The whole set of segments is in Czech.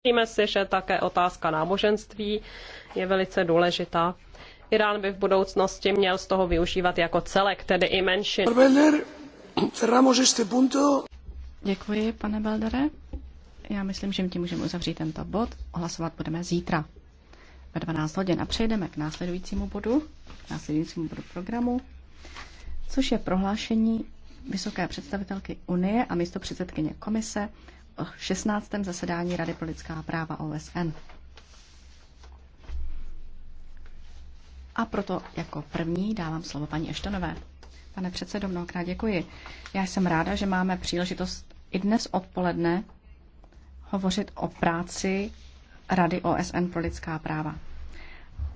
Myslíme si, že také otázka náboženství je velice důležitá. Irán by v budoucnosti měl z toho využívat jako celek, tedy i menšin. Děkuji, pane Beldere. Já myslím, že tím můžeme uzavřít tento bod. Hlasovat budeme zítra ve 12 hodin a přejdeme k následujícímu bodu, k následujícímu bodu programu, což je prohlášení vysoké představitelky Unie a místo předsedkyně komise 16. zasedání Rady pro lidská práva OSN. A proto jako první dávám slovo paní Eštonové. Pane předsedo, mnohokrát děkuji. Já jsem ráda, že máme příležitost i dnes odpoledne hovořit o práci Rady OSN pro lidská práva.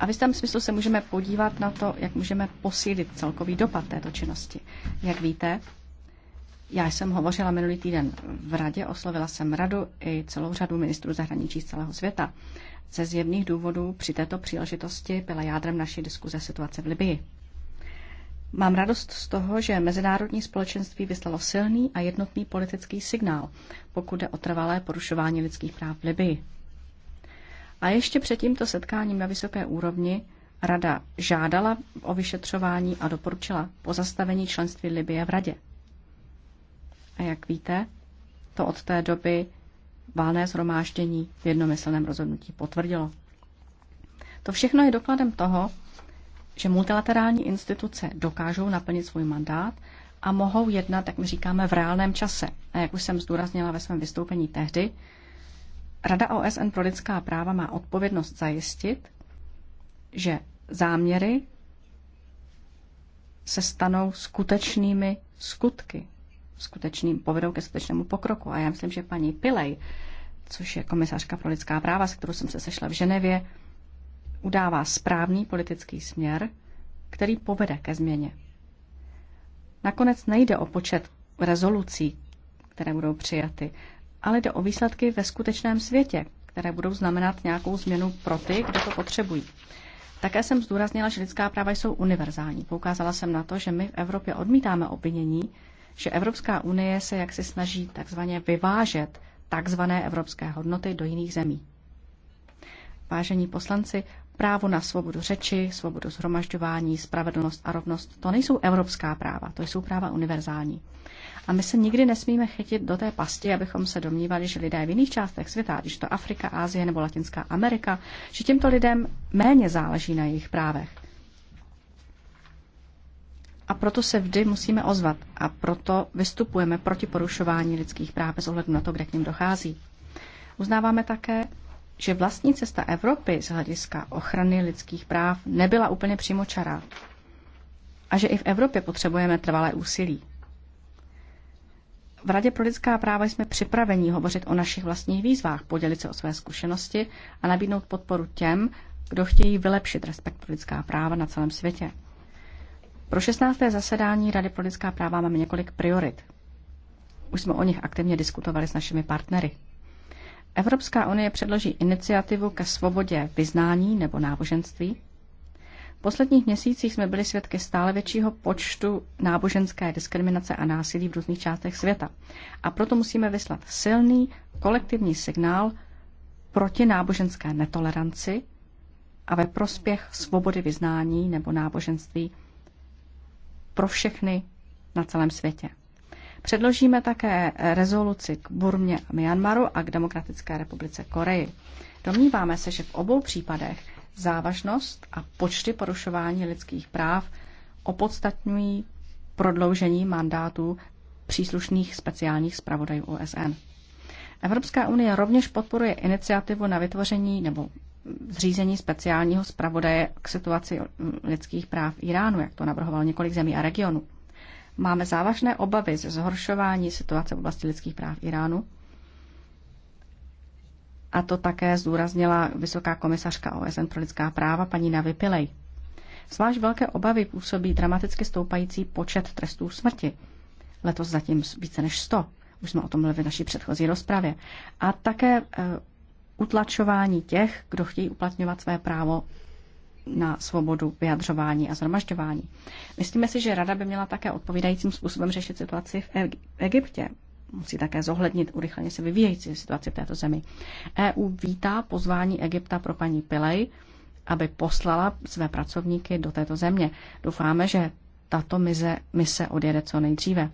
A v jistém smyslu se můžeme podívat na to, jak můžeme posílit celkový dopad této činnosti. Jak víte, já jsem hovořila minulý týden v radě, oslovila jsem radu i celou řadu ministrů zahraničí z celého světa. Ze zjevných důvodů při této příležitosti byla jádrem naší diskuze situace v Libii. Mám radost z toho, že mezinárodní společenství vyslalo silný a jednotný politický signál, pokud jde o trvalé porušování lidských práv v Libii. A ještě před tímto setkáním na vysoké úrovni Rada žádala o vyšetřování a doporučila pozastavení členství Libie v Radě. A jak víte, to od té doby válné zhromáždění v jednomyslném rozhodnutí potvrdilo. To všechno je dokladem toho, že multilaterální instituce dokážou naplnit svůj mandát a mohou jednat, jak my říkáme, v reálném čase. A jak už jsem zdůraznila ve svém vystoupení tehdy, Rada OSN pro lidská práva má odpovědnost zajistit, že záměry se stanou skutečnými skutky, skutečným, povedou ke skutečnému pokroku. A já myslím, že paní Pilej, což je komisařka pro lidská práva, se kterou jsem se sešla v Ženevě, udává správný politický směr, který povede ke změně. Nakonec nejde o počet rezolucí, které budou přijaty, ale jde o výsledky ve skutečném světě, které budou znamenat nějakou změnu pro ty, kdo to potřebují. Také jsem zdůraznila, že lidská práva jsou univerzální. Poukázala jsem na to, že my v Evropě odmítáme obvinění, že Evropská unie se jaksi snaží takzvaně vyvážet takzvané evropské hodnoty do jiných zemí. Vážení poslanci, právo na svobodu řeči, svobodu zhromažďování, spravedlnost a rovnost, to nejsou evropská práva, to jsou práva univerzální. A my se nikdy nesmíme chytit do té pasti, abychom se domnívali, že lidé v jiných částech světa, když to Afrika, Ázie nebo Latinská Amerika, že těmto lidem méně záleží na jejich právech. A proto se vždy musíme ozvat a proto vystupujeme proti porušování lidských práv bez ohledu na to, kde k ním dochází. Uznáváme také, že vlastní cesta Evropy z hlediska ochrany lidských práv nebyla úplně přímočará a že i v Evropě potřebujeme trvalé úsilí. V Radě pro lidská práva jsme připraveni hovořit o našich vlastních výzvách, podělit se o své zkušenosti a nabídnout podporu těm, kdo chtějí vylepšit respekt pro lidská práva na celém světě. Pro 16. zasedání Rady pro lidská práva máme několik priorit. Už jsme o nich aktivně diskutovali s našimi partnery. Evropská unie předloží iniciativu ke svobodě vyznání nebo náboženství. V posledních měsících jsme byli svědky stále většího počtu náboženské diskriminace a násilí v různých částech světa. A proto musíme vyslat silný kolektivní signál proti náboženské netoleranci a ve prospěch svobody vyznání nebo náboženství pro všechny na celém světě. Předložíme také rezoluci k Burmě a Myanmaru a k Demokratické republice Koreji. Domníváme se, že v obou případech závažnost a počty porušování lidských práv opodstatňují prodloužení mandátů příslušných speciálních zpravodajů OSN. Evropská unie rovněž podporuje iniciativu na vytvoření nebo zřízení speciálního zpravodaje k situaci lidských práv Iránu, jak to navrhoval několik zemí a regionů. Máme závažné obavy ze zhoršování situace v oblasti lidských práv Iránu. A to také zdůraznila vysoká komisařka OSN pro lidská práva paní Navi Pilej. Zvlášť velké obavy působí dramaticky stoupající počet trestů smrti. Letos zatím více než 100. Už jsme o tom mluvili v naší předchozí rozpravě. A také eh, utlačování těch, kdo chtějí uplatňovat své právo na svobodu vyjadřování a zhromažďování. Myslíme si, že Rada by měla také odpovídajícím způsobem řešit situaci v Egyptě. Musí také zohlednit urychleně se vyvíjející situaci v této zemi. EU vítá pozvání Egypta pro paní Pilej, aby poslala své pracovníky do této země. Doufáme, že tato mise odjede co nejdříve.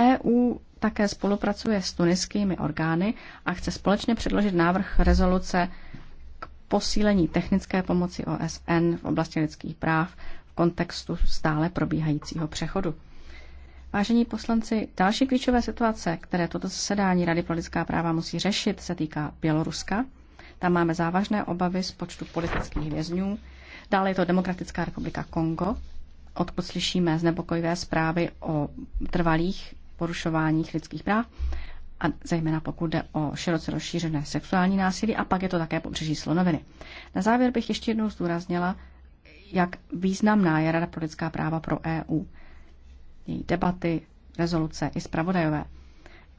EU také spolupracuje s tuniskými orgány a chce společně předložit návrh rezoluce k posílení technické pomoci OSN v oblasti lidských práv v kontextu stále probíhajícího přechodu. Vážení poslanci, další klíčové situace, které toto zasedání Rady pro lidská práva musí řešit, se týká Běloruska. Tam máme závažné obavy z počtu politických vězňů. Dále je to Demokratická republika Kongo, odkud slyšíme znepokojivé zprávy o trvalých porušováních lidských práv, a zejména pokud jde o široce rozšířené sexuální násilí a pak je to také pobřeží slonoviny. Na závěr bych ještě jednou zdůraznila, jak významná je Rada pro lidská práva pro EU. Její debaty, rezoluce i zpravodajové.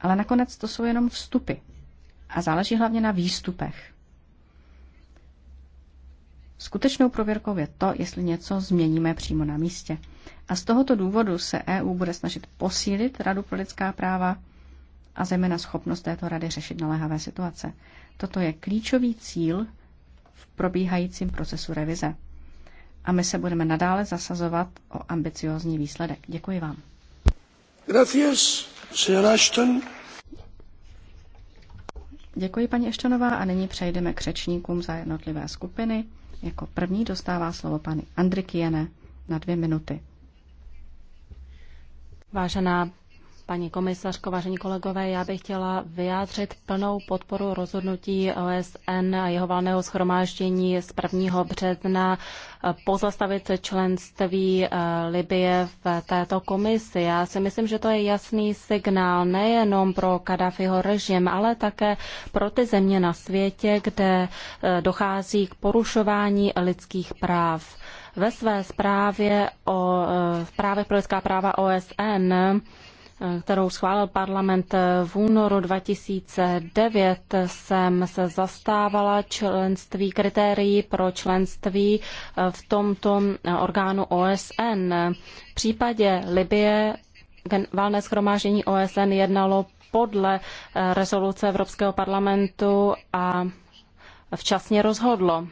Ale nakonec to jsou jenom vstupy a záleží hlavně na výstupech. Skutečnou prověrkou je to, jestli něco změníme přímo na místě. A z tohoto důvodu se EU bude snažit posílit Radu pro lidská práva a zejména schopnost této rady řešit naléhavé situace. Toto je klíčový cíl v probíhajícím procesu revize. A my se budeme nadále zasazovat o ambiciózní výsledek. Děkuji vám. Gracias, señora Ashton. Děkuji, paní Eštonová, a nyní přejdeme k řečníkům za jednotlivé skupiny. Jako první dostává slovo paní Andrikiene na dvě minuty. Vážená paní komisařko, vážení kolegové, já bych chtěla vyjádřit plnou podporu rozhodnutí OSN a jeho valného schromáždění z 1. března eh, pozastavit členství eh, Libie v této komisi. Já si myslím, že to je jasný signál nejenom pro Kadafiho režim, ale také pro ty země na světě, kde eh, dochází k porušování lidských práv. Ve své zprávě o právech pro lidská práva OSN kterou schválil parlament v únoru 2009, jsem se zastávala členství, kritérií pro členství eh, v tomto eh, orgánu OSN. V případě Libie valné schromáždění OSN jednalo podle eh, rezoluce Evropského parlamentu a včasně rozhodlo.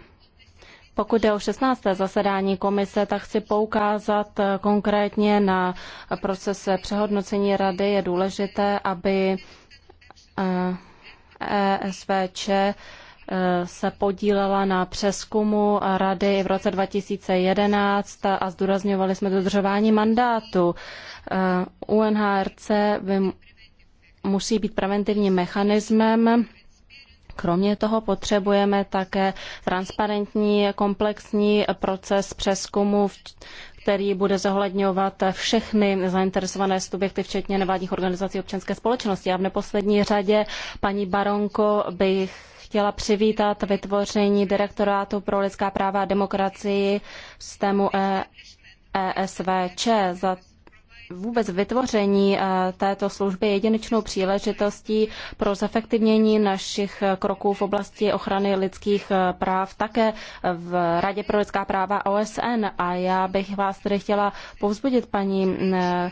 Pokud jde o 16. zasedání komise, tak chci poukázat eh, konkrétně na proces přehodnocení rady. Je důležité, aby ESVČ eh, e eh, se podílela na přeskumu rady v roce 2011 a zdůrazňovali jsme dodržování mandátu. UNHRC musí být preventivním mechanismem Kromě toho potřebujeme také transparentní komplexní proces přeskumu, který bude zohledňovat všechny zainteresované subjekty, včetně nevládních organizací občanské společnosti. A v neposlední řadě, paní Baronko, bych chtěla přivítat vytvoření Direktorátu pro lidská práva a demokracii v systému ESVČ. E Za vůbec vytvoření eh, této služby je jedinečnou příležitostí pro zefektivnění našich kroků v oblasti ochrany lidských eh, práv také v Radě pro lidská práva OSN. A já bych vás tedy chtěla povzbudit, paní mm, eh,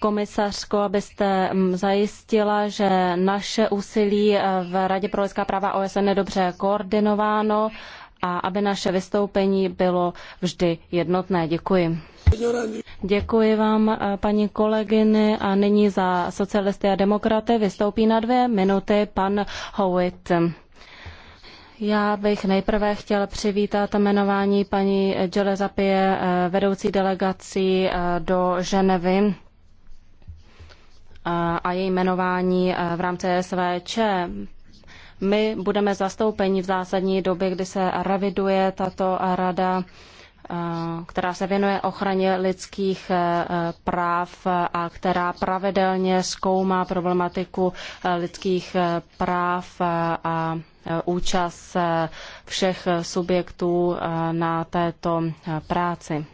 komisařko, abyste mm, zajistila, že naše úsilí v Radě pro lidská práva OSN je dobře koordinováno a aby naše vystoupení bylo vždy jednotné. Děkuji. Děkuji vám, paní kolegyny, a nyní za socialisty a demokraty vystoupí na dvě minuty pan Howitt. Já bych nejprve chtěl přivítat jmenování paní Giuseppe eh, vedoucí delegací eh, do Ženevy eh, a její jmenování v rámci SVČ. My budeme zastoupeni v zásadní době, kdy se reviduje tato rada, eh, která se věnuje ochraně lidských eh, práv a která pravidelně zkoumá problematiku eh, lidských práv a účast všech subjektů na této práci.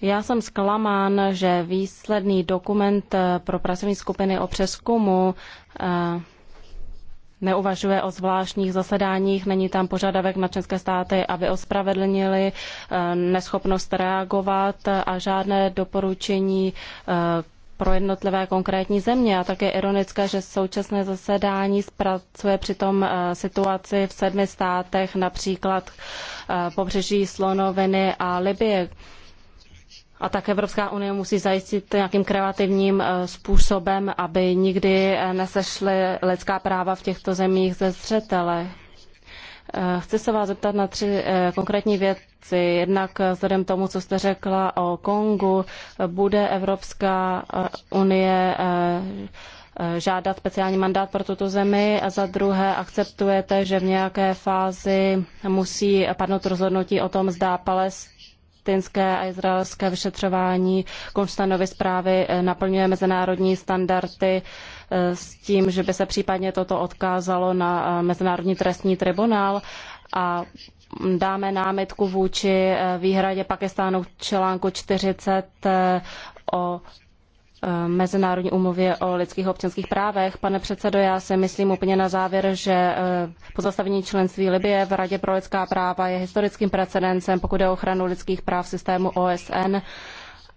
Já jsem zklamán, že výsledný dokument pro pracovní skupiny o přeskumu neuvažuje o zvláštních zasedáních, není tam požadavek na české státy, aby ospravedlnili eh, neschopnost reagovat a žádné doporučení eh, pro jednotlivé konkrétní země. A také ironické, že současné zasedání zpracuje přitom eh, situaci v sedmi státech, například pobřeží Slonoviny a Libie a tak Evropská unie musí zajistit nějakým kreativním eh, způsobem, aby nikdy eh, nesešly lidská práva v těchto zemích ze zřetele. Eh, chci se vás zeptat na tři konkrétní věci. Jednak vzhledem tomu, co jste řekla o Kongu, bude Evropská unie žádat speciální mandát pro tuto zemi a za druhé akceptujete, že v nějaké fázi musí padnout rozhodnutí o tom, zda Palestina palestinské a izraelské vyšetřování Konstanovy zprávy eh, naplňuje mezinárodní standardy eh, s tím, že by se případně toto odkázalo na eh, Mezinárodní trestní tribunál a dáme námitku vůči výhradě Pakistánu článku 40 o Eh, mezinárodní umluvě o lidských občanských právech. Pane předsedo, já si myslím úplně na závěr, že eh, pozastavení členství Libie v Radě pro lidská práva je historickým precedencem, pokud je o ochranu lidských práv systému OSN.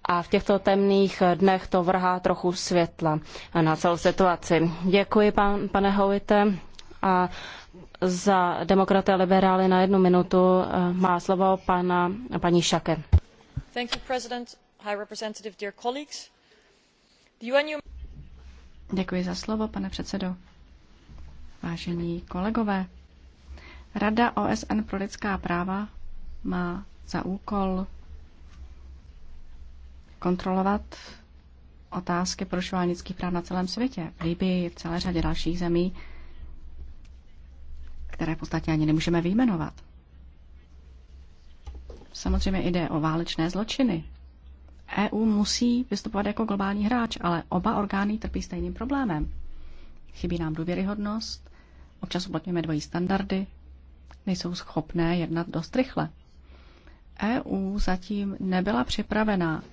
A v těchto temných dnech to vrhá trochu světla na celou situaci. Děkuji, pan, pane Howite. A za demokraty a liberály na jednu minutu eh, má slovo pana, paní Šake. Thank you, President, High Representative, dear colleagues. Děkuji za slovo, pane předsedo. Vážení kolegové, Rada OSN pro lidská práva má za úkol kontrolovat otázky porušování lidských práv na celém světě, v Libii, v celé řadě dalších zemí, které v podstatě ani nemůžeme vyjmenovat. Samozřejmě jde o válečné zločiny, EU musí vystupovat jako globální hráč, ale oba orgány trpí stejným problémem. Chybí nám důvěryhodnost, občas uplatňujeme dvojí standardy, nejsou schopné jednat dost rychle. EU zatím nebyla připravená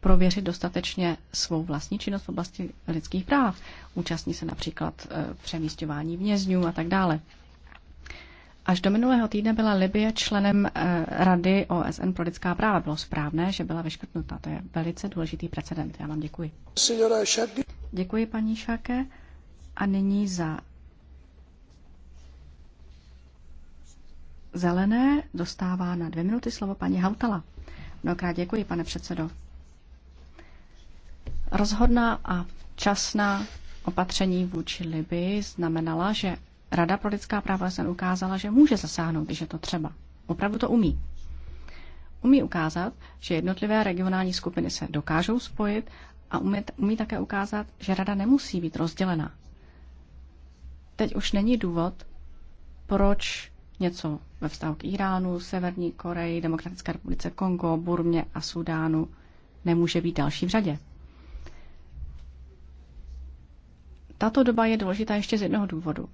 prověřit dostatečně svou vlastní činnost v oblasti lidských práv. Účastní se například e, přemístování vězňů a tak dále. Až do minulého týdne byla Libie členem eh, Rady OSN pro lidská práva. Bylo správné, že byla vyškrtnuta. To je velice důležitý precedent. Já vám děkuji. Děkuji, paní Šáke. A nyní za zelené dostává na dvě minuty slovo paní Hautala. Mnohokrát děkuji, pane předsedo. Rozhodná a časná opatření vůči Libii znamenala, že Rada pro lidská práva se ukázala, že může zasáhnout, že to třeba. Opravdu to umí. Umí ukázat, že jednotlivé regionální skupiny se dokážou spojit a umí, umí také ukázat, že rada nemusí být rozdělená. Teď už není důvod, proč něco ve vztahu k Iránu, Severní Koreji, Demokratické republice Kongo, Burmě a Sudánu nemůže být další v řadě. Tato doba je důležitá ještě z jednoho důvodu.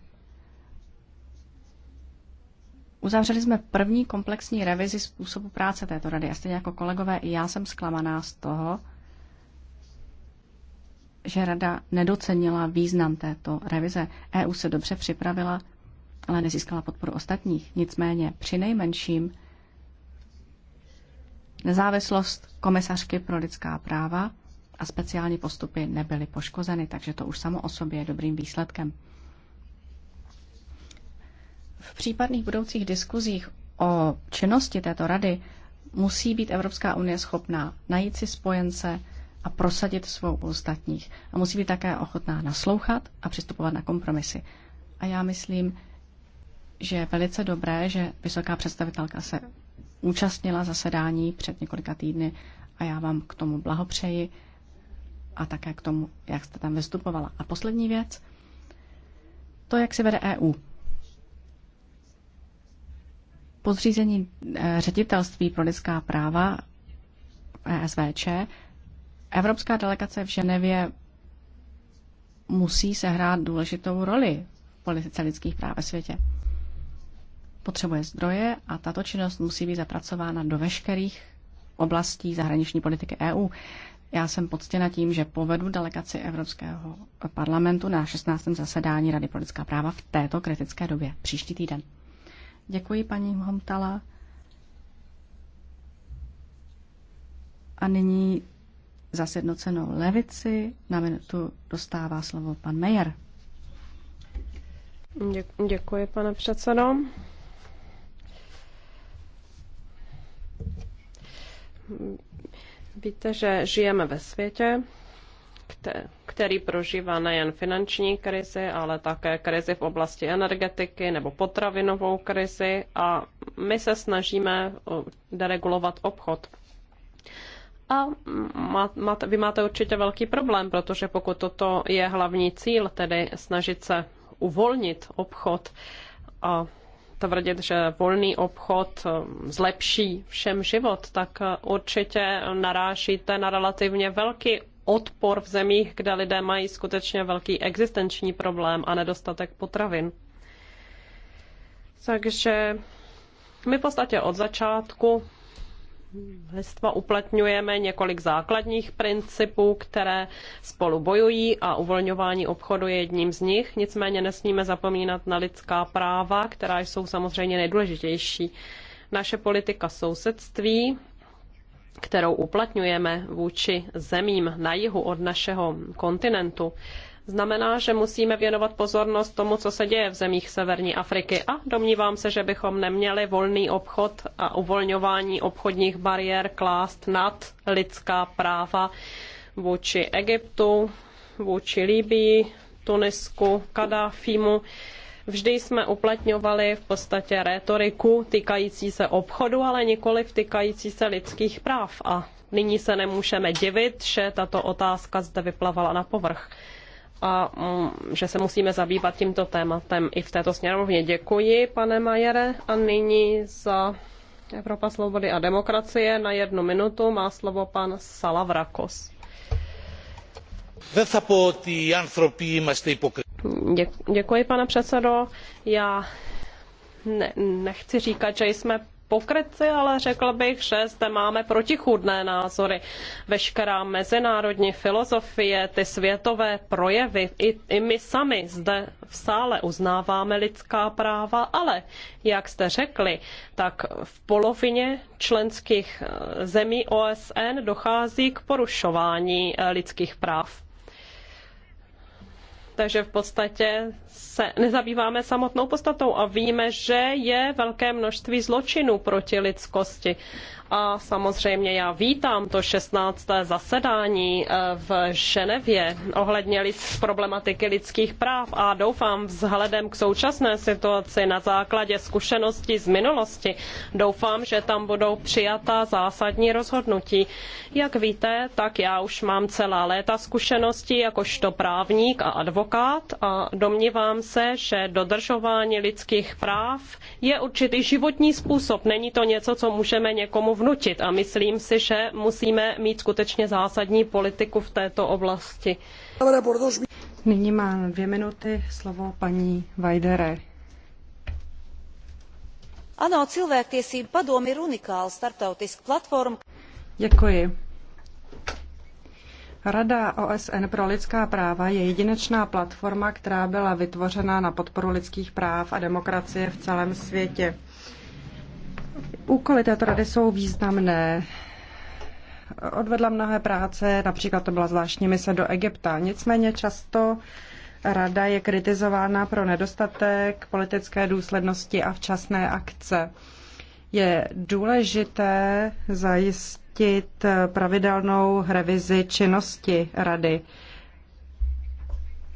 Uzavřeli jsme první komplexní revizi způsobu práce této rady a stejně jako kolegové i já jsem zklamaná z toho, že rada nedocenila význam této revize. EU se dobře připravila, ale nezískala podporu ostatních. Nicméně při nejmenším nezávislost komisařky pro lidská práva a speciální postupy nebyly poškozeny, takže to už samo o sobě je dobrým výsledkem. V případných budoucích diskuzích o činnosti této rady musí být Evropská unie schopná najít si spojence a prosadit svou u ostatních. A musí být také ochotná naslouchat a přistupovat na kompromisy. A já myslím, že je velice dobré, že vysoká představitelka se účastnila zasedání před několika týdny a já vám k tomu blahopřeji a také k tomu, jak jste tam vystupovala. A poslední věc, to, jak si vede EU podřízení eh, ředitelství pro lidská práva ESVČ Evropská delegace v Ženevě musí sehrát důležitou roli v politice lidských práv ve světě. Potřebuje zdroje a tato činnost musí být zapracována do veškerých oblastí zahraniční politiky EU. Já jsem poctěna tím, že povedu delegaci Evropského parlamentu na 16. zasedání Rady pro lidská práva v této kritické době příští týden. Děkuji, paní Homtala. A nyní za sjednocenou levici na minutu dostává slovo pan Mejer. Děkuji, pane předsedo. Víte, že žijeme ve světě, který prožívá nejen finanční krizi, ale také krizi v oblasti energetiky nebo potravinovou krizi a my se snažíme deregulovat obchod. A máte, vy máte určitě velký problém, protože pokud toto je hlavní cíl, tedy snažit se uvolnit obchod a tvrdit, že volný obchod zlepší všem život, tak určitě narážíte na relativně velký odpor v zemích, kde lidé mají skutečně velký existenční problém a nedostatek potravin. Takže my v podstatě od začátku listva uplatňujeme několik základních principů, které spolu bojují a uvolňování obchodu je jedním z nich. Nicméně nesmíme zapomínat na lidská práva, která jsou samozřejmě nejdůležitější. Naše politika sousedství kterou uplatňujeme vůči zemím na jihu od našeho kontinentu, znamená, že musíme věnovat pozornost tomu, co se děje v zemích severní Afriky a domnívám se, že bychom neměli volný obchod a uvolňování obchodních bariér klást nad lidská práva vůči Egyptu, vůči Libii, Tunisku, Kadáfimu. Vždy jsme uplatňovali v podstatě rétoriku týkající se obchodu, ale nikoli týkající se lidských práv. A nyní se nemůžeme divit, že tato otázka zde vyplavala na povrch a mm, že se musíme zabývat tímto tématem i v této sněmovně. Děkuji, pane Majere, a nyní za Evropa svobody a demokracie na jednu minutu má slovo pan Salavrakos pane předsedo. Já nechci říkat, že jsme pokrytci, ale řekl bych, že zde máme protichůdné názory. Veškerá mezinárodní filozofie, ty světové projevy, i, i my sami zde v sále uznáváme lidská práva, ale jak jste řekli, tak v polovině členských eh, zemí OSN dochází k porušování eh, lidských práv takže v podstatě se nezabýváme samotnou podstatou a víme, že je velké množství zločinů proti lidskosti. A samozřejmě já vítám to 16. zasedání eh, v Ženevě ohledně problematiky lidských práv a doufám vzhledem k současné situaci na základě zkušeností z minulosti, doufám, že tam budou přijata zásadní rozhodnutí. Jak víte, tak já už mám celá léta zkušenosti jakožto právník a advokát a domnívám se, že dodržování lidských práv je určitý životní způsob. Není to něco, co můžeme někomu někomu vnutit a myslím si, že musíme mít skutečně zásadní politiku v této oblasti. Nyní má dvě minuty slovo paní Vajdere. Ano, cilvēktiesība padomi ir unikāla starptautiska platforma. Děkuji. Rada OSN pro lidská práva je jedinečná platforma, která byla vytvořena na podporu lidských práv a demokracie v celém světě. Úkoly této rady jsou významné. Odvedla mnohé práce, například to byla zvláštní mise do Egypta. Nicméně často rada je kritizována pro nedostatek politické důslednosti a včasné akce. Je důležité zajistit pravidelnou revizi činnosti rady.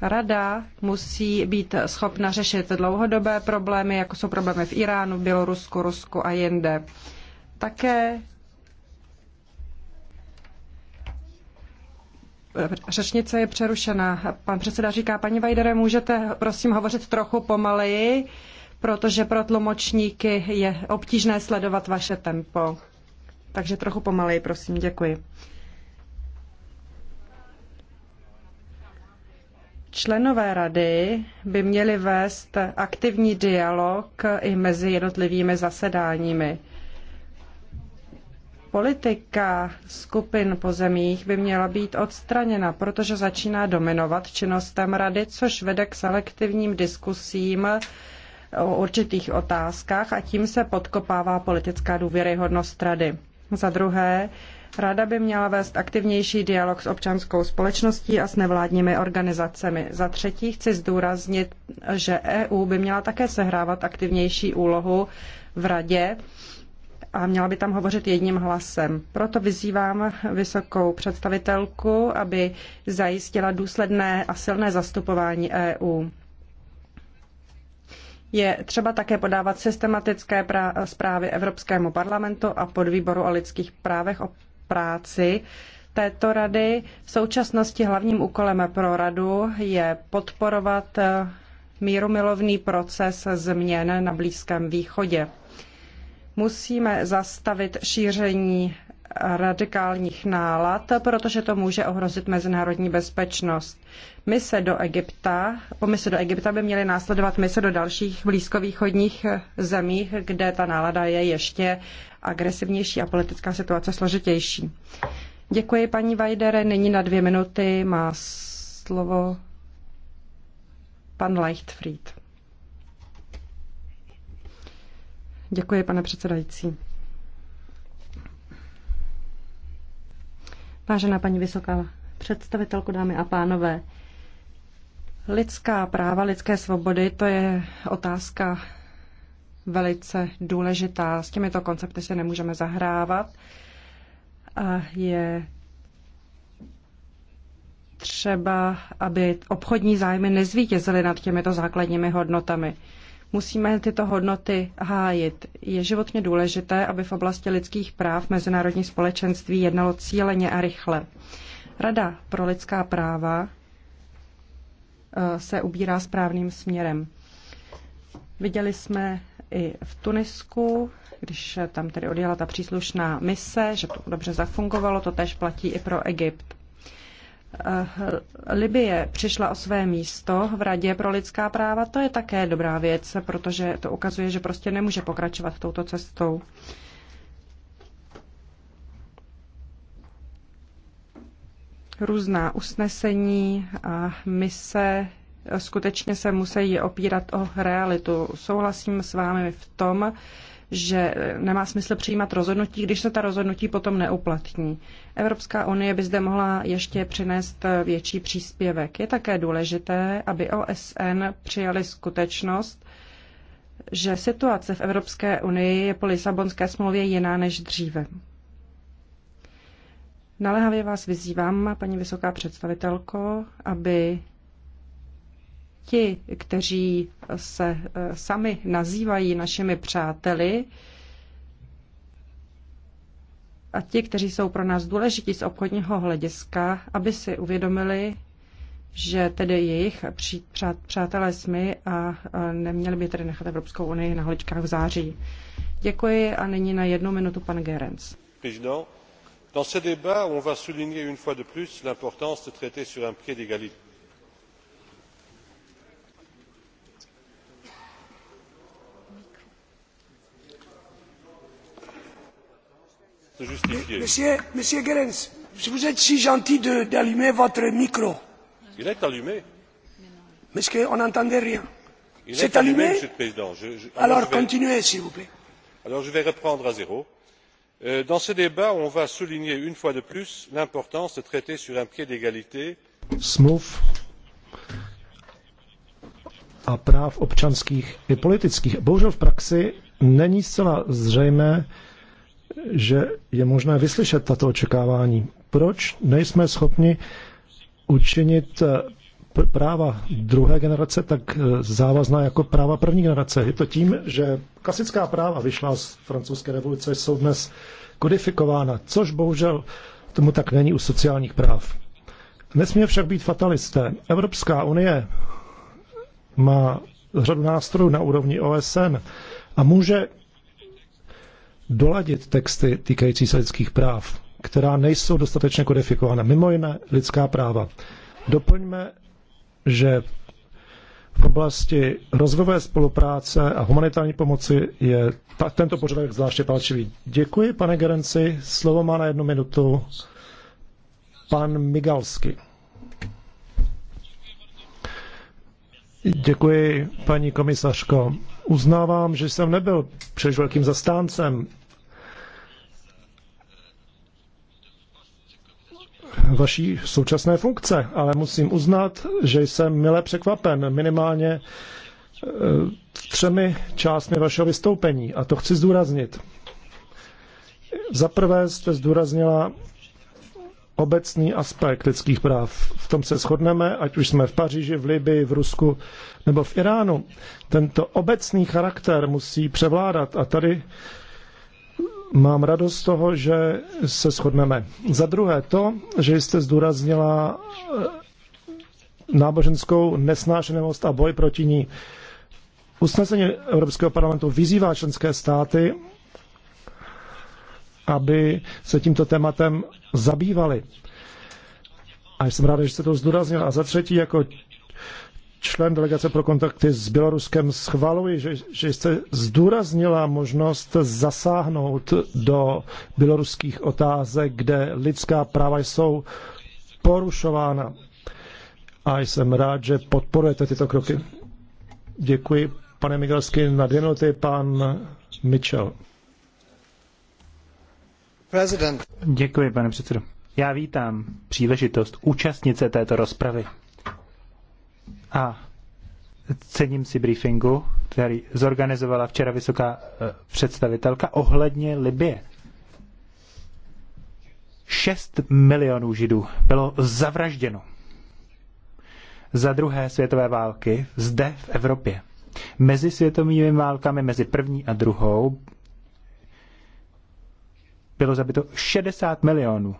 Rada musí být schopna řešit dlouhodobé problémy, jako jsou problémy v Iránu, v Bělorusku, Rusku a jinde. Také Řečnice je přerušena. Pan předseda říká, paní Vajdere, můžete prosím hovořit trochu pomaleji, protože pro tlumočníky je obtížné sledovat vaše tempo. Takže trochu pomaleji, prosím, děkuji. Členové rady by měli vést aktivní dialog i mezi jednotlivými zasedáními. Politika skupin pozemích by měla být odstraněna, protože začíná dominovat činnostem rady, což vede k selektivním diskusím o určitých otázkách a tím se podkopává politická důvěryhodnost rady. Za druhé, Rada by měla vést aktivnější dialog s občanskou společností a s nevládními organizacemi. Za třetí chci zdůraznit, že EU by měla také sehrávat aktivnější úlohu v Radě a měla by tam hovořit jedním hlasem. Proto vyzývám vysokou představitelku, aby zajistila důsledné a silné zastupování EU. Je třeba také podávat systematické zprávy Evropskému parlamentu a podvýboru o lidských právech o práci této rady. V současnosti hlavním úkolem pro radu je podporovat mírumilovný proces změn na Blízkém východě. Musíme zastavit šíření radikálních nálad, protože to může ohrozit mezinárodní bezpečnost. Mise do Egypta, po mise do Egypta by měly následovat mise do dalších blízkovýchodních zemí, kde ta nálada je ještě agresivnější a politická situace složitější. Děkuji, paní Vajdere. Nyní na dvě minuty má slovo pan Leichtfried. Děkuji, pane předsedající. Vážená paní vysoká představitelko, dámy a pánové, lidská práva, lidské svobody, to je otázka velice důležitá. S těmito koncepty se nemůžeme zahrávat. A je třeba, aby obchodní zájmy nezvítězily nad těmito základními hodnotami. Musíme tyto hodnoty hájit. Je životně důležité, aby v oblasti lidských práv mezinárodní společenství jednalo cíleně a rychle. Rada pro lidská práva eh, se ubírá správným směrem. Viděli jsme i v Tunisku, když tam tedy odjela ta příslušná mise, že to dobře zafungovalo, to tež platí i pro Egypt. Eh, Libie přišla o své místo v Radě pro lidská práva, to je také dobrá věc, protože to ukazuje, že prostě nemůže pokračovat touto cestou. Různá usnesení a mise skutečně se musí opírat o realitu. Souhlasím s vámi v tom, že e, nemá smysl přijímat rozhodnutí, když se ta rozhodnutí potom neuplatní. Evropská unie by zde mohla ještě přinést e, větší příspěvek. Je také důležité, aby OSN přijali skutečnost, že situace v Evropské unii je po Lisabonské smlouvě jiná než dříve. Naléhavě vás vyzývám, paní vysoká představitelko, aby ti, kteří se eh, sami nazývají našimi přáteli, a ti, kteří jsou pro nás důležití z obchodního hlediska, aby si uvědomili, že tedy jejich přátelé jsme a neměli by tedy nechat Evropskou unii na holičkách v září. Děkuji a nyní na jednu minutu pan Gerenc. Dans ce débat, on va souligner une fois de plus l'importance de traiter sur un pied d'égalité Monsieur, monsieur si vous êtes si gentil d'allumer votre micro. Parce qu'on n'entendait rien. C'est allumé, alors, continuez, s'il vous plaît. je vais reprendre à zéro. Euh, dans ce débat, on va souligner une fois de plus l'importance de traiter sur un pied d'égalité smluv a práv občanských i politických. Bohužel v praxi není zcela zřejmé, že je možné vyslyšet tato očekávání. Proč nejsme schopni učinit eh, práva druhé generace tak eh, závazná jako práva první generace? Je to tím, že klasická práva vyšla z francouzské revoluce, jsou dnes kodifikována, což bohužel tomu tak není u sociálních práv. Nesmí však být fatalisté. Evropská unie má řadu nástrojů na úrovni OSN a může doladit texty týkající se lidských práv, která nejsou dostatečně kodifikována, mimo jiné lidská práva. Doplňme, že v oblasti rozvojové spolupráce a humanitární pomoci je ta, tento požadavek zvláště palčivý. Děkuji, pane Gerenci. Slovo má na jednu minutu pan Migalsky. Děkuji, paní komisařko. Uznávám, že jsem nebyl příliš velkým zastáncem vaší současné funkce, ale musím uznat, že jsem mile překvapen minimálně eh, třemi částmi vašeho vystoupení a to chci zdůraznit. Za prvé jste zdůraznila obecný aspekt lidských práv. V tom se shodneme, ať už jsme v Paříži, v Libii, v Rusku nebo v Iránu. Tento obecný charakter musí převládat a tady Mám radost z toho, že se shodneme. Za druhé to, že jste zdůraznila eh, náboženskou nesnášenost a boj proti ní. Usnesení Evropského parlamentu vyzývá členské státy, aby se tímto tématem zabývali. A jsem rád, že jste to zdůraznil. A za třetí, jako člen delegace pro kontakty s Běloruskem, schvaluji, že, že jste zdůraznila možnost zasáhnout do běloruských otázek, kde lidská práva jsou porušována. A jsem rád, že podporujete tyto kroky. Děkuji, pane Migalsky, na dvě minuty, pan Mitchell. President. Děkuji, pane předsedo. Já vítám příležitost účastnit se této rozpravy. A cením si briefingu, který zorganizovala včera vysoká e, představitelka ohledně Libie. 6 milionů židů bylo zavražděno za druhé světové války zde v Evropě. Mezi světovými válkami, mezi první a druhou, bylo zabito 60 milionů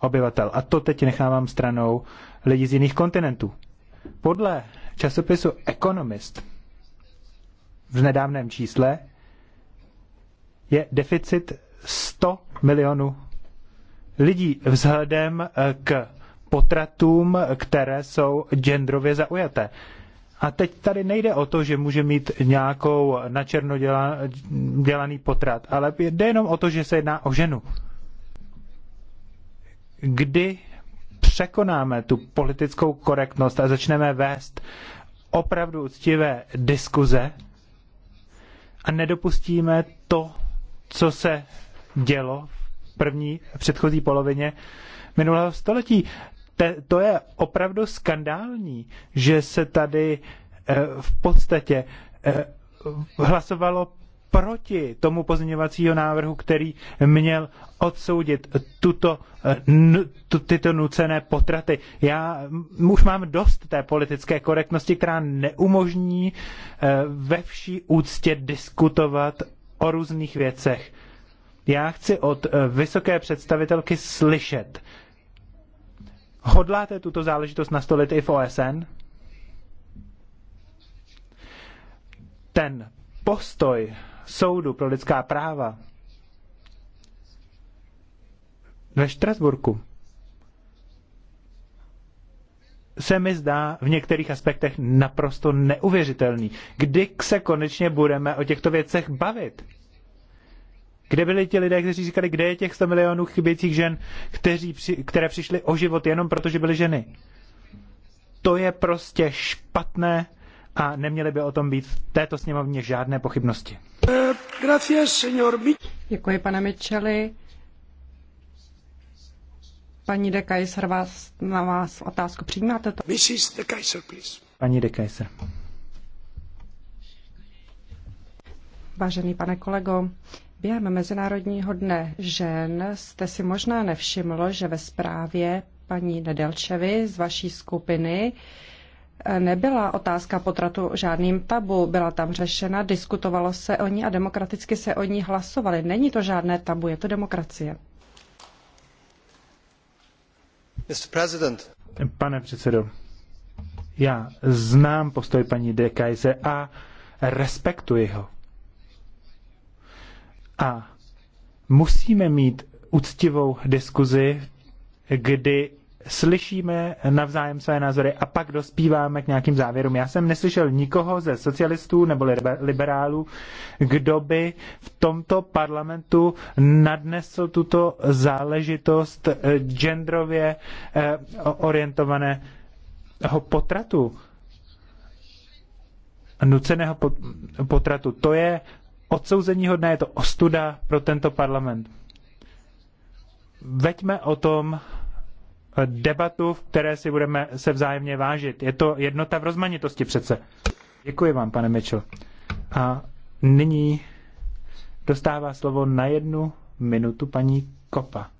obyvatel. A to teď nechávám stranou lidi z jiných kontinentů. Podle časopisu Economist v nedávném čísle je deficit 100 milionů lidí vzhledem eh, k potratům, které jsou genderově zaujaté. A teď tady nejde o to, že může mít nějakou načerno dělaný potrat, ale jde jenom o to, že se jedná o ženu kdy překonáme tu politickou korektnost a začneme vést opravdu uctivé diskuze a nedopustíme to, co se dělo v první předchozí polovině minulého století. Te, to je opravdu skandální, že se tady e, v podstatě e, hlasovalo proti tomu pozměňovacího návrhu, který měl odsoudit tuto, eh, tu, tyto nucené potraty. Já už mám dost té politické korektnosti, která neumožní eh, ve vší úctě diskutovat o různých věcech. Já chci od eh, vysoké představitelky slyšet. Hodláte tuto záležitost nastolit i v OSN? Ten postoj soudu pro lidská práva ve Štrasburku se mi zdá v některých aspektech naprosto neuvěřitelný. Kdy se konečně budeme o těchto věcech bavit? Kde byli ti lidé, kteří říkali, kde je těch 100 milionů chybějících žen, kteří, které přišly o život jenom proto, že byly ženy? To je prostě špatné a neměly by o tom být v této sněmovně žádné pochybnosti. Děkuji, pane Mitchelli. Paní de Kaiser vás, na vás otázku přijímáte to? Mrs. de Kaiser, please. Paní de Kaiser. Vážený pane kolego, během Mezinárodního dne žen jste si možná nevšimlo, že ve zprávě paní Nedelčevy z vaší skupiny uh, nebyla otázka potratu žádným tabu, byla tam řešena, diskutovalo se o ní a demokraticky se o ní hlasovali. Není to žádné tabu, je to demokracie. Pane předsedo, já znám postoj paní de Kaiser a respektuji ho. A musíme mít úctivou diskuzi, kdy slyšíme navzájem své názory a pak dospíváme k nějakým závěrům. Já jsem neslyšel nikoho ze socialistů nebo liberálů, kdo by v tomto parlamentu nadnesl tuto záležitost eh, genderově eh, orientovaného potratu. Nuceného potratu. To je odsouzení hodné, je to ostuda pro tento parlament. Veďme o tom debatu, v které si budeme se vzájemně vážit. Je to jednota v rozmanitosti přece. Děkuji vám, pane Mitchell. A nyní dostává slovo na jednu minutu paní Kopa.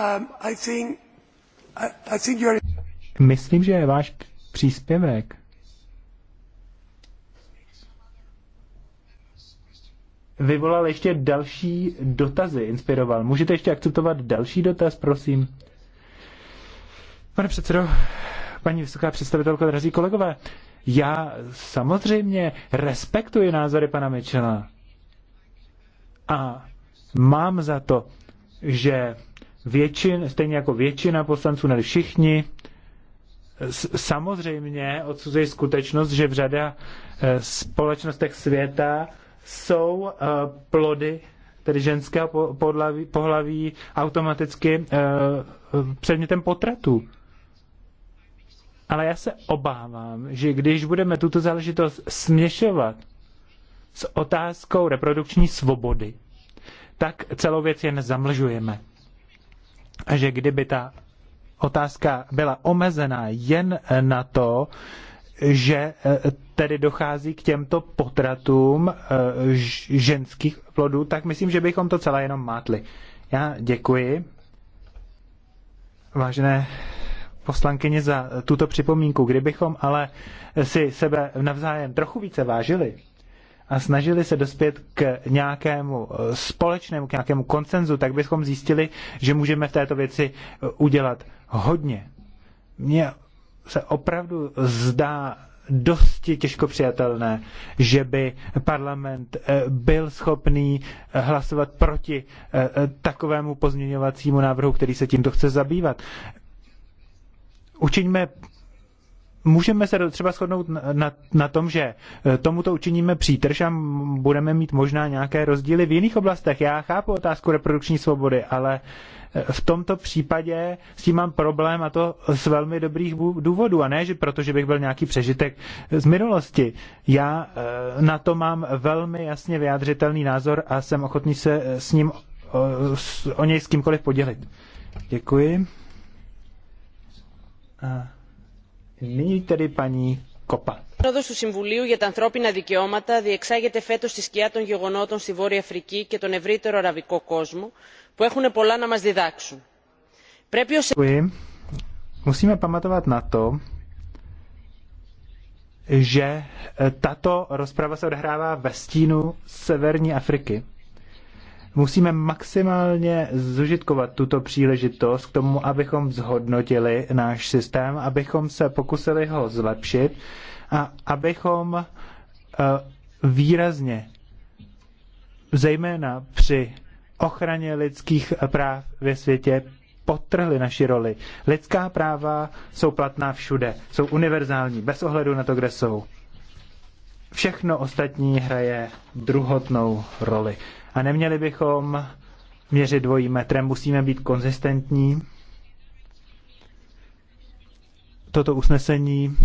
Um, I think Myslím, že je váš příspěvek vyvolal ještě další dotazy, inspiroval. Můžete ještě akceptovat další dotaz, prosím? Pane předsedo, paní vysoká představitelko, drazí kolegové, já samozřejmě respektuji názory pana Mitchella. A mám za to, že většin, stejně jako většina poslanců, ne všichni, samozřejmě odsuzují skutečnost, že v řada eh, společnostech světa jsou eh, plody tedy ženského pohlaví, pohlaví automaticky eh, předmětem potratu. Ale já se obávám, že když budeme tuto záležitost směšovat s otázkou reprodukční svobody, tak celou věc jen zamlžujeme že kdyby ta otázka byla omezená jen na to, že e, tedy dochází k těmto potratům e, ženských plodů, tak myslím, že bychom to celé jenom mátli. Já děkuji, vážené poslankyně, za tuto připomínku. Kdybychom ale si sebe navzájem trochu více vážili, a snažili se dospět k nějakému eh, společnému, k nějakému koncenzu, tak bychom zjistili, že můžeme v této věci eh, udělat hodně. Mně se opravdu zdá dosti těžko přijatelné, že by parlament eh, byl schopný hlasovat proti takovému pozměňovacímu návrhu, který se tímto chce zabývat. Učiňme můžeme se třeba shodnout na, na, na tom, že eh, tomuto učiníme přítrž a budeme mít možná nějaké rozdíly v jiných oblastech. Já chápu otázku reprodukční svobody, ale eh, v tomto případě s tím mám problém a to z velmi dobrých důvodů. A ne, že protože bych byl nějaký přežitek z minulosti. Já eh, na to mám velmi jasně vyjádřitelný názor a jsem ochotný se s ním o, o něj s kýmkoliv podělit. Děkuji. Nyní tedy paní Kopa. Πρόοδο του Συμβουλίου για τα ανθρώπινα δικαιώματα διεξάγεται φέτο στη σκιά των γεγονότων στη Βόρεια Αφρική και τον ευρύτερο αραβικό κόσμο, που έχουν πολλά να μα διδάξουν. Πρέπει ω. Musíme pamatovat na to, že tato rozprava se odehrává ve stínu severní Afriky. Musíme maximálně zužitkovat tuto příležitost k tomu, abychom zhodnotili náš systém, abychom se pokusili ho zlepšit a abychom eh, výrazně, zejména při ochraně lidských práv ve světě, potrhli naši roli. Lidská práva jsou platná všude, jsou univerzální, bez ohledu na to, kde jsou. Všechno ostatní hraje druhotnou roli. A neměli bychom měřit dvojím metrem, musíme být konzistentní. Toto usnesení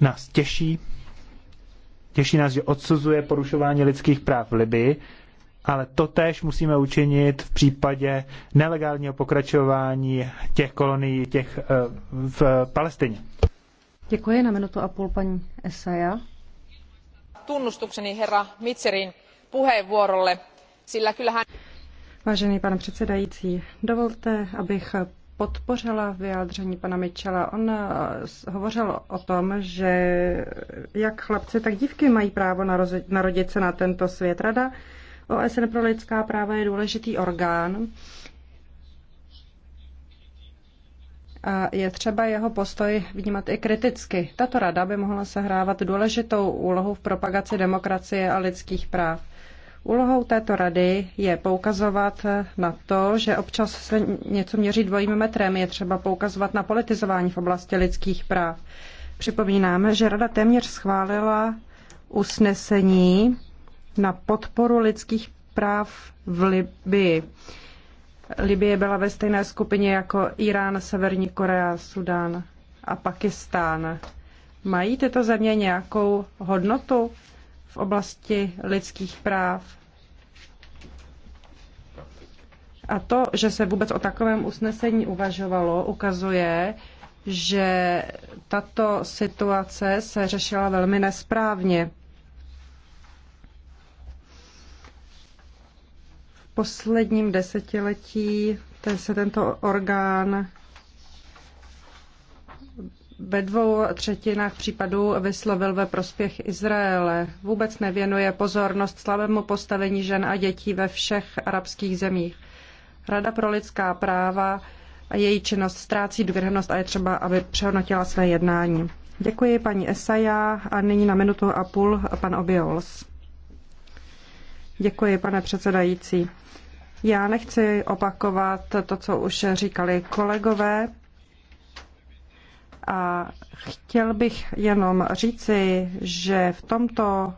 nás těší. Těší nás, že odsuzuje porušování lidských práv v Libii, ale totéž musíme učinit v případě nelegálního pokračování těch kolonií těch eh, v Palestině. Děkuji na minutu a půl paní Esaja tunnustukseni herra Mitzerin puheenvuorolle, sillä kyllähän... Vážený pane předsedající, dovolte, abych podpořila vyjádření pana Mitchella. On eh, hovořil o tom, že jak chlapci, tak dívky mají právo narodit se na tento svět. Rada OSN pro lidská práva je důležitý orgán, je třeba jeho postoj vnímat i kriticky. Tato rada by mohla sehrávat důležitou úlohu v propagaci demokracie a lidských práv. Úlohou této rady je poukazovat na to, že občas se něco měří dvojím metrem, je třeba poukazovat na politizování v oblasti lidských práv. Připomínáme, že rada téměř schválila usnesení na podporu lidských práv v Libii. Libie byla ve stejné skupině jako Irán, Severní Korea, Sudán a Pakistán. Mají tyto země nějakou hodnotu v oblasti lidských práv? A to, že se vůbec o takovém usnesení uvažovalo, ukazuje, že tato situace se řešila velmi nesprávně. posledním desetiletí ten se tento orgán ve dvou třetinách případů vyslovil ve prospěch Izraele. Vůbec nevěnuje pozornost slabému postavení žen a dětí ve všech arabských zemích. Rada pro lidská práva a její činnost ztrácí důvěrnost a je třeba, aby přehodnotila své jednání. Děkuji paní Esaja a nyní na minutu a půl pan Obiols. Děkuji, pane předsedající. Já nechci opakovat to, co už říkali kolegové. A chtěl bych jenom říci, že v tomto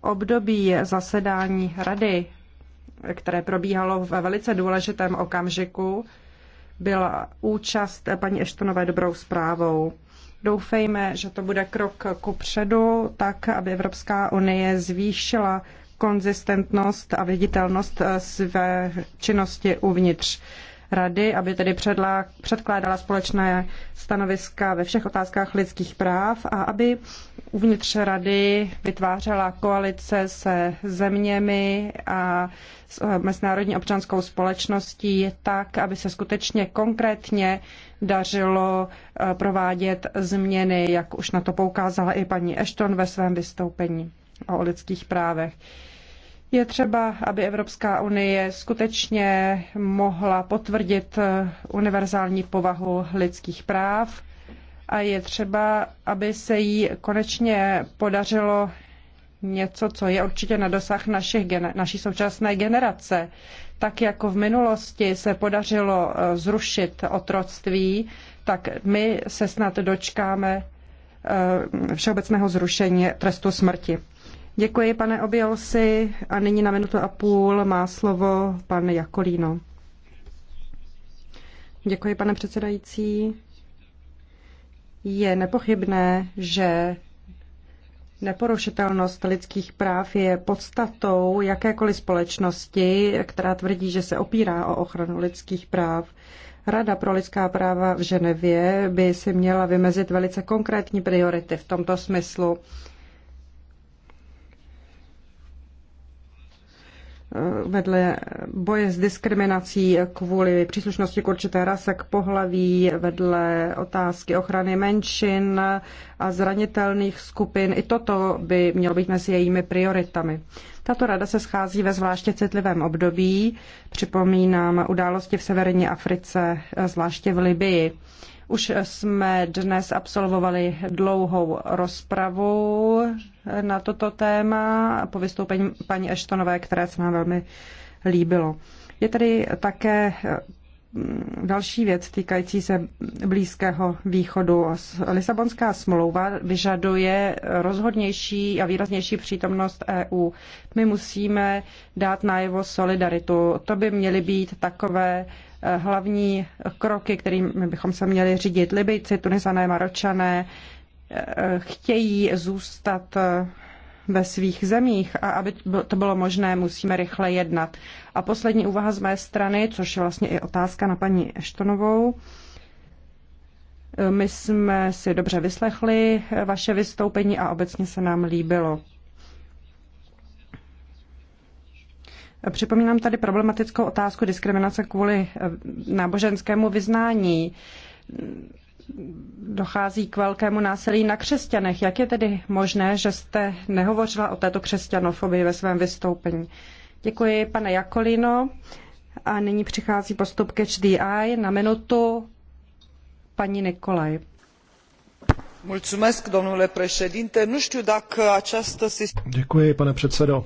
období zasedání rady, které probíhalo ve velice důležitém okamžiku, byla účast paní Eštonové dobrou zprávou. Doufejme, že to bude krok ku předu, tak aby Evropská unie zvýšila konzistentnost a viditelnost eh, své činnosti uvnitř rady, aby tedy předla, předkládala společné stanoviska ve všech otázkách lidských práv a aby uvnitř rady vytvářela koalice se zeměmi a s eh, mezinárodní občanskou společností tak, aby se skutečně konkrétně dařilo eh, provádět změny, jak už na to poukázala i paní Ashton ve svém vystoupení o lidských právech. Je třeba, aby Evropská unie skutečně mohla potvrdit eh, univerzální povahu lidských práv a je třeba, aby se jí konečně podařilo něco, co je určitě na dosah našich, naší současné generace. Tak jako v minulosti se podařilo eh, zrušit otroctví, tak my se snad dočkáme eh, všeobecného zrušení trestu smrti. Děkuji, pane Obiolsi. A nyní na minutu a půl má slovo pan Jakolíno. Děkuji, pane předsedající. Je nepochybné, že Neporušitelnost lidských práv je podstatou jakékoliv společnosti, která tvrdí, že se opírá o ochranu lidských práv. Rada pro lidská práva v Ženevě by si měla vymezit velice konkrétní priority v tomto smyslu. vedle boje s diskriminací kvůli příslušnosti k určité rase, k pohlaví, vedle otázky ochrany menšin a zranitelných skupin. I toto by mělo být mezi jejími prioritami. Tato rada se schází ve zvláště citlivém období. Připomínám události v severní Africe, zvláště v Libii. Už jsme dnes absolvovali dlouhou rozpravu na toto téma po vystoupení paní Eštonové, které se nám velmi líbilo. Je tady také mm, další věc týkající se Blízkého východu. Lisabonská smlouva vyžaduje rozhodnější a výraznější přítomnost EU. My musíme dát najevo solidaritu. To by měly být takové hlavní kroky, kterými bychom se měli řídit. Libyjci, Tunisané, Maročané eh, chtějí zůstat eh, ve svých zemích a aby to bylo možné, musíme rychle jednat. A poslední úvaha z mé strany, což je vlastně i otázka na paní Eštonovou. Eh, my jsme si dobře vyslechli vaše vystoupení a obecně se nám líbilo. Připomínám tady problematickou otázku diskriminace kvůli eh, náboženskému vyznání. Dochází k velkému násilí na křesťanech. Jak je tedy možné, že jste nehovořila o této křesťanofobii ve svém vystoupení? Děkuji, pane Jakolino. A nyní přichází postup Catch the Eye na minutu paní Nikolaj. Mulțumesc, domnule președinte. Nu știu dacă această... Děkuji, pane předsedo.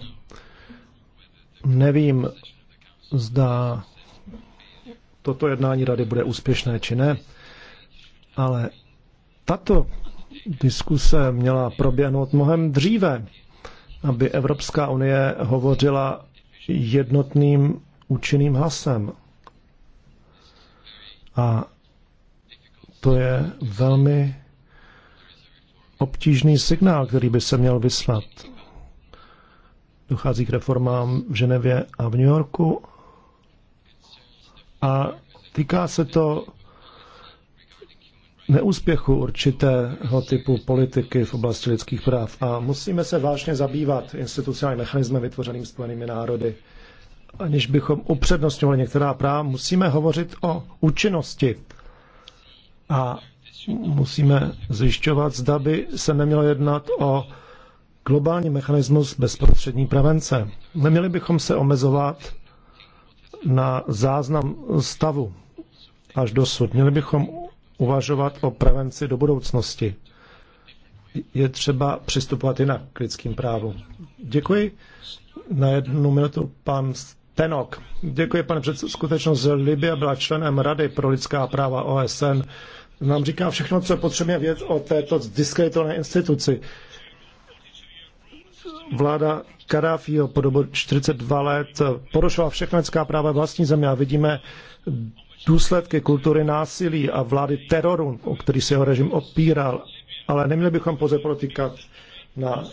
Nevím, zda toto jednání rady bude úspěšné či ne, ale tato diskuse měla proběhnout mnohem dříve, aby Evropská unie hovořila jednotným účinným hlasem. A to je velmi obtížný signál, který by se měl vyslat. Dochází k reformám v Ženevě a v New Yorku. A týká se to neúspěchu určitého typu politiky v oblasti lidských práv a musíme se vážně zabývat institucionálním mechanismem vytvořeným Spojenými národy. Aniž bychom upřednostňovali některá práva, musíme hovořit o účinnosti a musíme zjišťovat, zda by se nemělo jednat o globální mechanismus bezprostřední prevence. Neměli bychom se omezovat na záznam stavu až dosud. Měli bychom uvažovat o prevenci do budoucnosti. Je třeba přistupovat jinak k lidským právům. Děkuji. Na jednu minutu pan Tenok. Děkuji, pane předsedo. Skutečnost, že Libia byla členem Rady pro lidská práva OSN, nám říká všechno, co potřebujeme vědět o této diskretované instituci vláda Kadáfího po dobu 42 let porušovala všechna lidská práva vlastní země a vidíme důsledky kultury násilí a vlády teroru, o který se jeho režim opíral. Ale neměli bychom pouze protikat na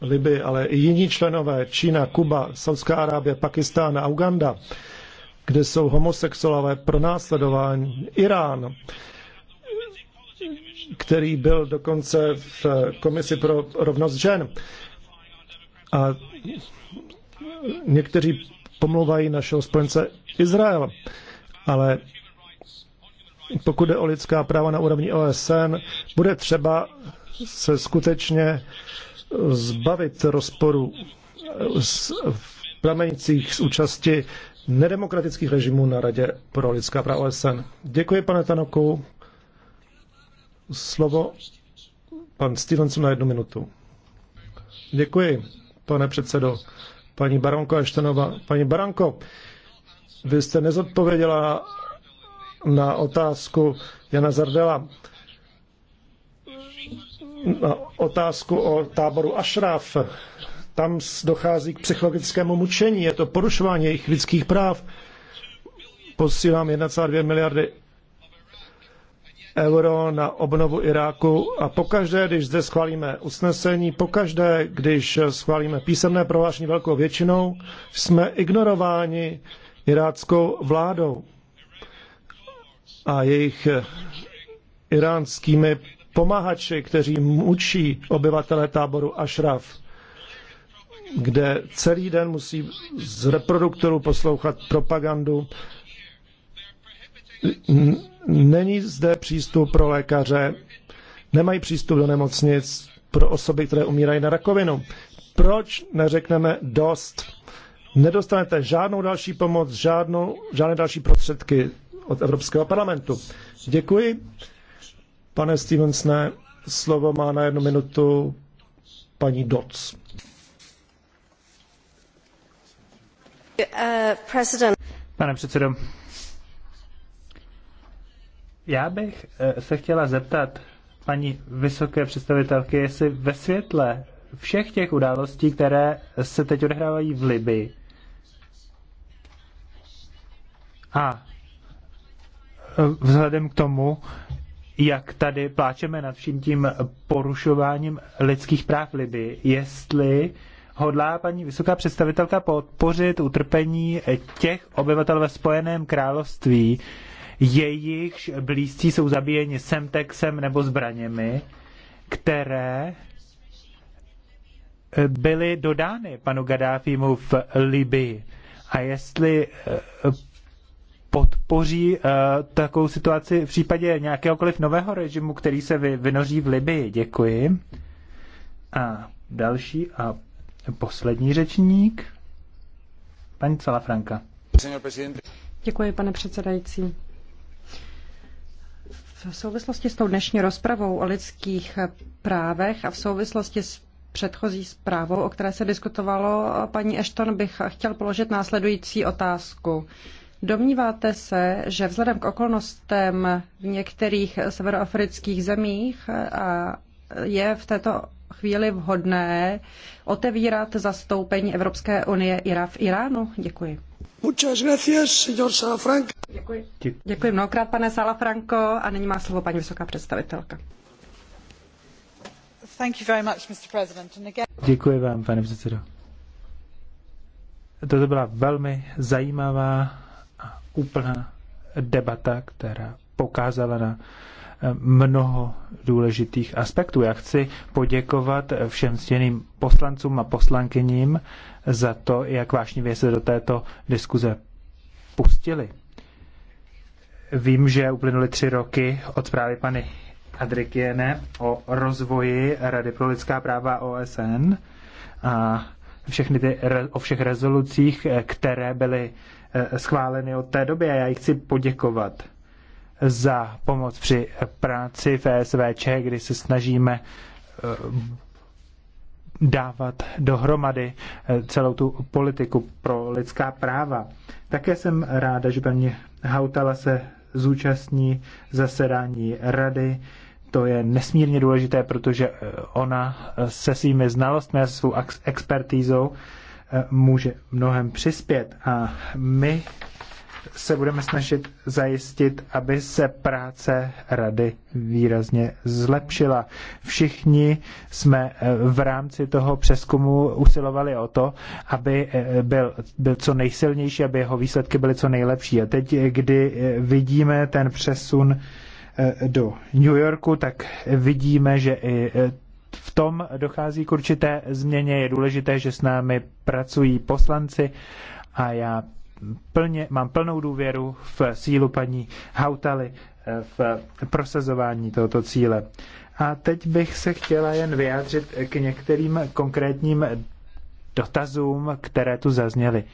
Liby, ale i jiní členové Čína, Kuba, Saudská Arábie, Pakistán a Uganda, kde jsou homosexuálové pronásledováni, Irán, který byl dokonce v komisi pro rovnost žen. A někteří pomlouvají našeho spojence Izrael, ale pokud jde o lidská práva na úrovni OSN, bude třeba se skutečně zbavit rozporu s pramenících z účasti nedemokratických režimů na Radě pro lidská práva OSN. Děkuji, pane Tanoku. Slovo pan Stevenson na jednu minutu. Děkuji pane předsedo. Paní Baronko Eštenova, paní Baranko, vy jste nezodpověděla na otázku Jana Zardela, na otázku o táboru Ašraf. Tam dochází k psychologickému mučení, je to porušování jejich lidských práv. Posílám 1,2 miliardy euro na obnovu Iráku a pokaždé, když zde schválíme usnesení, pokaždé, když schválíme písemné prohlášení velkou většinou, jsme ignorováni iráckou vládou a jejich iránskými pomahači, kteří mučí obyvatele táboru Ashraf, kde celý den musí z reproduktorů poslouchat propagandu Není zde přístup pro lékaře, nemají přístup do nemocnic pro osoby, které umírají na rakovinu. Proč neřekneme dost? Nedostanete žádnou další pomoc, žádnou, žádné další prostředky od Evropského parlamentu. Děkuji. Pane Stevensne, slovo má na jednu minutu paní Doc. Uh, Pane předsedo, já bych eh, se chtěla zeptat paní vysoké představitelky, jestli ve světle všech těch událostí, které se teď odehrávají v Libii a eh, vzhledem k tomu, jak tady pláčeme nad vším tím porušováním lidských práv v Libii, jestli hodlá paní vysoká představitelka podpořit utrpení těch obyvatel ve Spojeném království, jejichž blízcí jsou zabíjeni semtexem nebo zbraněmi, které eh, byly dodány panu Gaddafimu v Libii. A jestli eh, podpoří eh, takovou situaci v případě nějakéhokoliv nového režimu, který se vynoří v Libii. Děkuji. A další a poslední řečník, paní Salafranka. Děkuji, pane předsedající souvislosti s tou dnešní rozpravou o lidských právech a v souvislosti s předchozí zprávou, o které se diskutovalo, paní Ashton, bych chtěl položit následující otázku. Domníváte se, že vzhledem k okolnostem v některých severoafrických zemích je v této chvíli vhodné otevírat zastoupení Evropské unie v Iránu? Děkuji. Děkuji. Děkuji mnohokrát, pane Salafranco, a nyní má slovo paní vysoká představitelka. Děkuji vám, pane předsedo. Toto byla velmi zajímavá a úplná debata, která pokázala na eh, mnoho důležitých aspektů. Já chci poděkovat všem stěným poslancům a poslankyním za to, jak vášnivě se do této diskuze pustili. Vím, že uplynuly tři roky od zprávy pany Adrikiene o rozvoji Rady pro lidská práva OSN a všechny ty, o všech rezolucích, které byly eh, schváleny od té doby a já jich chci poděkovat za pomoc při práci v SVČ, kdy se snažíme eh, dávat dohromady eh, celou tu politiku pro lidská práva. Také jsem ráda, že paní Hautala se zúčastní zasedání rady. To je nesmírně důležité, protože eh, ona eh, se svými znalostmi a svou expertízou může mnohem přispět. A my se budeme snažit zajistit, aby se práce rady výrazně zlepšila. Všichni jsme eh, v rámci toho přeskumu usilovali o to, aby eh, byl, byl co nejsilnější, aby jeho výsledky byly co nejlepší. A teď, eh, kdy vidíme ten přesun do New Yorku, tak vidíme, že i v tom dochází k určité změně. Je důležité, že s námi pracují poslanci a já plně, mám plnou důvěru v sílu paní Hautaly eh, v prosazování tohoto cíle. A teď bych se chtěla jen vyjádřit k některým konkrétním dotazům, které tu zazněly.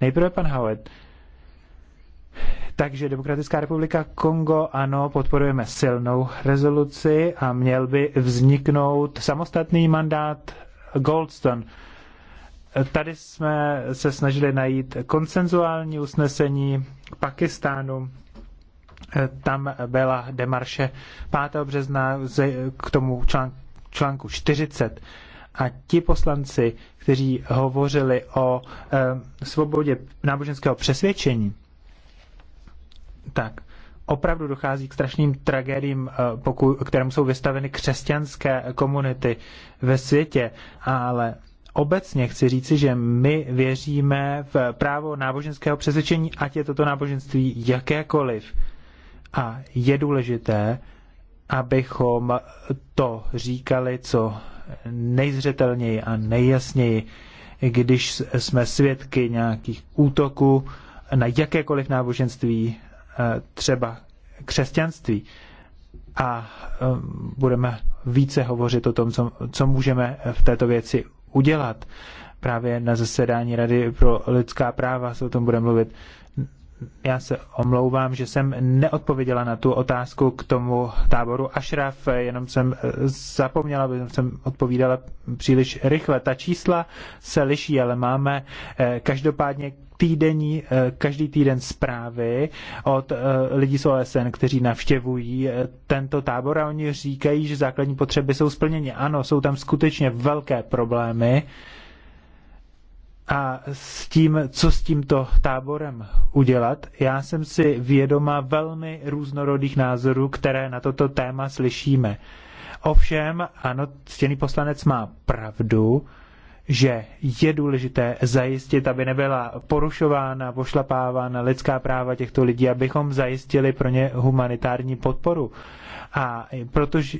Nejprve pan Howard. Takže Demokratická republika Kongo, ano, podporujeme silnou rezoluci a měl by vzniknout samostatný mandát Goldstone Tady jsme se snažili najít konsenzuální usnesení k Pakistánu. Tam byla demarše 5. března k tomu článku 40 a ti poslanci, kteří hovořili o eh, svobodě náboženského přesvědčení, tak opravdu dochází k strašným tragédiím, eh, kterým kterému jsou vystaveny křesťanské komunity ve světě, ale obecně chci říci, že my věříme v právo náboženského přesvědčení, ať je toto náboženství jakékoliv. A je důležité, abychom to říkali co nejzřetelněji a nejjasněji, když jsme svědky nějakých útoků na jakékoliv náboženství, eh, třeba křesťanství. A eh, budeme více hovořit o tom, co, co můžeme v této věci udělat. Právě na zasedání Rady pro lidská práva se o tom bude mluvit já se omlouvám, že jsem neodpověděla na tu otázku k tomu táboru Ashraf, jenom jsem eh, zapomněla, že jsem odpovídala příliš rychle. Ta čísla se liší, ale máme eh, každopádně týdenní, eh, každý týden zprávy od lidí z OSN, kteří navštěvují tento tábor a oni říkají, že základní potřeby jsou splněny. Ano, jsou tam skutečně velké problémy, a s tím, co s tímto táborem udělat. Já jsem si vědoma velmi různorodých názorů, které na toto téma slyšíme. Ovšem, ano, ctěný poslanec má pravdu, že je důležité zajistit, aby nebyla porušována, pošlapávána lidská práva těchto lidí, abychom zajistili pro ně humanitární podporu. A protože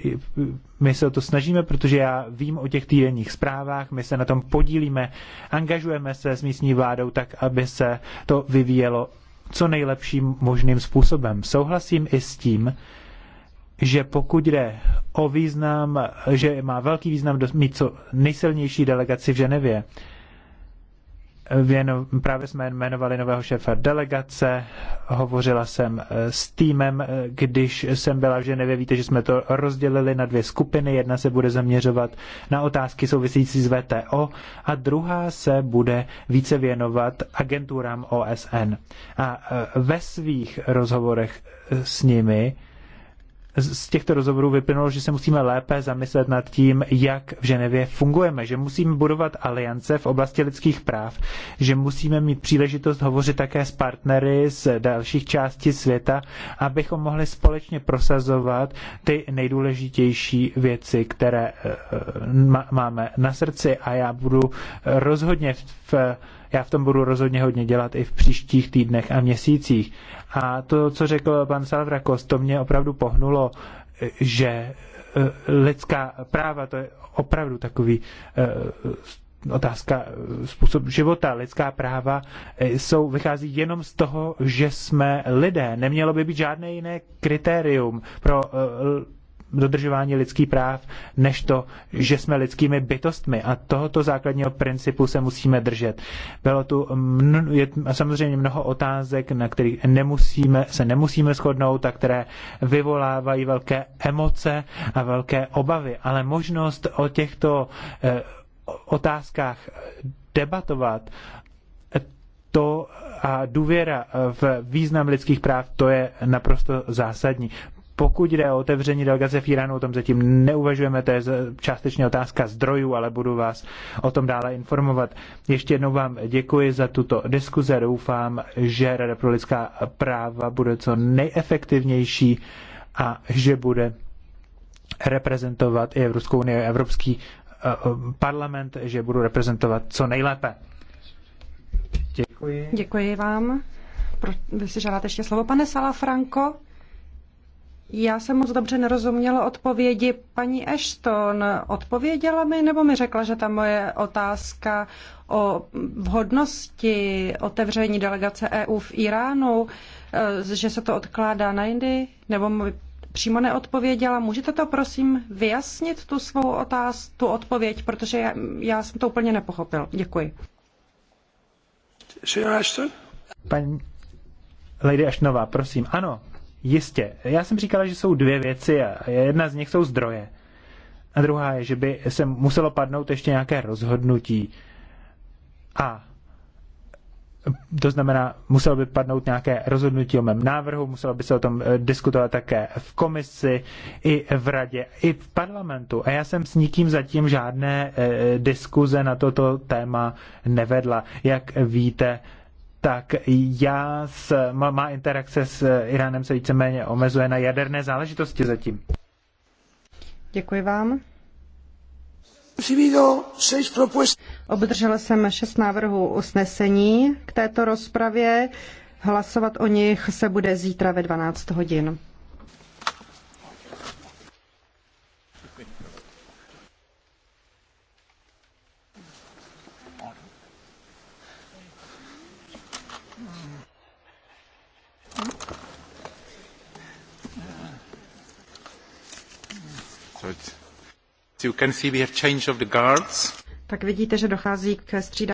my se o to snažíme, protože já vím o těch týdenních zprávách, my se na tom podílíme, angažujeme se s místní vládou tak, aby se to vyvíjelo co nejlepším možným způsobem. Souhlasím i s tím, že pokud jde o význam, že má velký význam mít co nejsilnější delegaci v Ženevě, Věno, právě jsme jmenovali nového šéfa delegace, hovořila jsem eh, s týmem, eh, když jsem byla v Ženevě, víte, že jsme to rozdělili na dvě skupiny, jedna se bude zaměřovat na otázky související s VTO a druhá se bude více věnovat agenturám OSN. A eh, ve svých rozhovorech s nimi z těchto rozhovorů vyplynulo, že se musíme lépe zamyslet nad tím, jak v Ženevě fungujeme, že musíme budovat aliance v oblasti lidských práv, že musíme mít příležitost hovořit také s partnery z dalších částí světa, abychom mohli společně prosazovat ty nejdůležitější věci, které eh, eh, máme na srdci a já budu eh, rozhodně v já v tom budu rozhodně hodně dělat i v příštích týdnech a měsících. A to, co řekl pan Salvrakos, to mě opravdu pohnulo, že eh, lidská práva, to je opravdu takový eh, otázka eh, způsob života, lidská práva jsou, vychází jenom z toho, že jsme lidé. Nemělo by být žádné jiné kritérium pro dodržování lidských práv, než to, že jsme lidskými bytostmi. A tohoto základního principu se musíme držet. Bylo tu mn- je, samozřejmě mnoho otázek, na kterých nemusíme, se nemusíme shodnout a které vyvolávají velké emoce a velké obavy. Ale možnost o těchto eh, otázkách debatovat to a důvěra v význam lidských práv, to je naprosto zásadní. Pokud jde o otevření delegace v Iránu, o tom zatím neuvažujeme, to je částečně otázka zdrojů, ale budu vás o tom dále informovat. Ještě jednou vám děkuji za tuto diskuze, doufám, že Rada pro lidská práva bude co nejefektivnější a že bude reprezentovat i Evropskou unii, Evropský eh, eh, parlament, že budu reprezentovat co nejlépe. Děkuji. Děkuji vám. Vy si žádáte ještě slovo, pane Salafranco? Já jsem moc dobře nerozuměla odpovědi paní Ashton. Odpověděla mi nebo mi řekla, že ta moje otázka o vhodnosti otevření delegace EU v Iránu, eh, že se to odkládá na jindy, nebo mi přímo neodpověděla. Můžete to prosím vyjasnit, tu svou otázku, tu odpověď, protože já, já jsem to úplně nepochopil. Děkuji. Paní Lady Ashtonová, prosím. Ano, Jistě. Já jsem říkala, že jsou dvě věci a jedna z nich jsou zdroje. A druhá je, že by se muselo padnout ještě nějaké rozhodnutí. A to znamená, muselo by padnout nějaké rozhodnutí o mém návrhu, muselo by se o tom eh, diskutovat také v komisi, i v radě, i v parlamentu. A já jsem s nikým zatím žádné eh, eh, diskuze na toto téma nevedla. Jak víte, tak já s, má, má interakce s Iránem se víceméně omezuje na jaderné záležitosti zatím. Děkuji vám. Obdržel jsem šest návrhů usnesení k této rozpravě. Hlasovat o nich se bude zítra ve 12 hodin. Tak vidíte, že dochází k střídání.